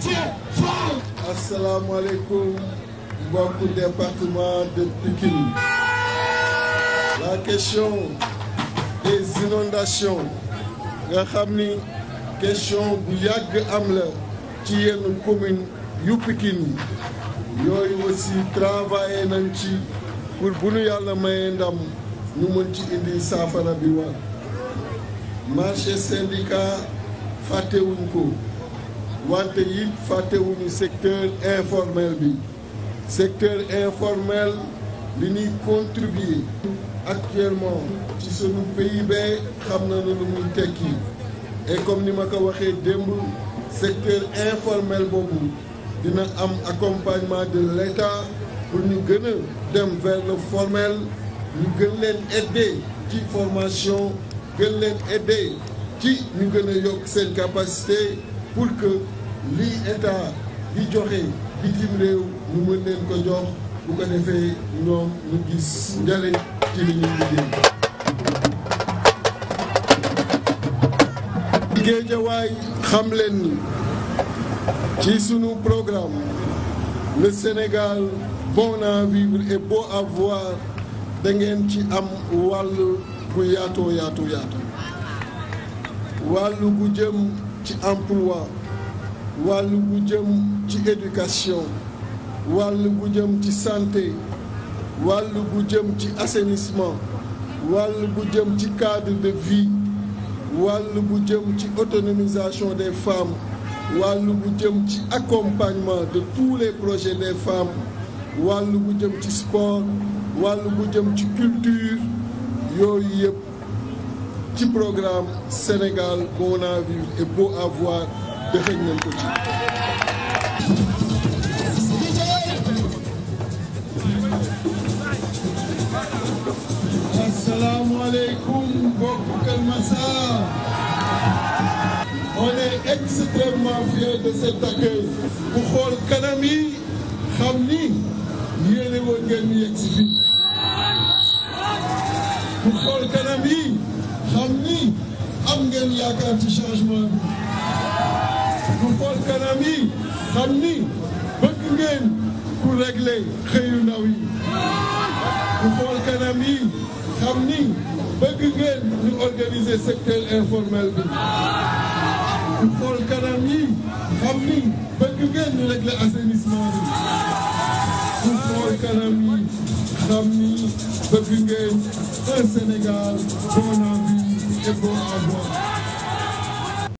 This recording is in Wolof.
Déthié Fall asalaamaaleykum mbokku département de Pikine la question des inondations nga xam ni question bu yàgg am la ci yenn commune yu Pikine yi yooyu aussi travaillé nañ ci pour bu nu yàlla mayee ndam ñu mën ci indi saafara bi war marché syndicat fàttewuñ ko wante yi fàttewuñu secteur informel bi secteur informel li ñuy contribuer actuellement ci sunu PIB xam na lu muy tekki et comme ni ma ko waxee démb secteur boobu dina am accompagnement de l'État pour ñu gën a dem vers formel ñu gën leen aider ci formation gën leen aider ci nu gën a yokk seen capacité pour que lii état di joxe bitim réew ñu mën leen ko jox bu ko defee ñoom ñu gis njëriñ ci li ñuy liggéey. xam leen ci sunu programme le Sénégal bon à vivre et beau à ci am wàll bu yaatoo yaatu yaatu wàllu gu jëm ci emploi. wàll gu jëm ci éducation wàllu gu jëm ci santé wàll bu jëm ci assainissement wàll bu jëm ci cadre de vie wàllu gu jëm ci autonomisation des femmes wàll gu jëm ci accompagnement de tous les projets des femmes wàll gu jëm ci sport wàllu gu jëm ci culture yooyu yëpp ci programme Sénégal bon à vivre et beau à defeñ nañ ko ci asalaamaaleykum mbokku Kër Massar on est extrêmement fiers de cet accueil bu xool kanam yi xam ni yéene woon ngeen ñu yegg si fii bu xool kanam yi xam ni am ngeen yaakaar ci changement bi ñu xool kanam yi xam ni bëgg ngeen ku réglé xëyu ndaw secteur informel bi ñu xool kanam xam ni bëgg ngeen ñu réglé assainissement bi ñu xool kanam yi xam ni bëgg ngeen un Sénégal bon en vie et bon en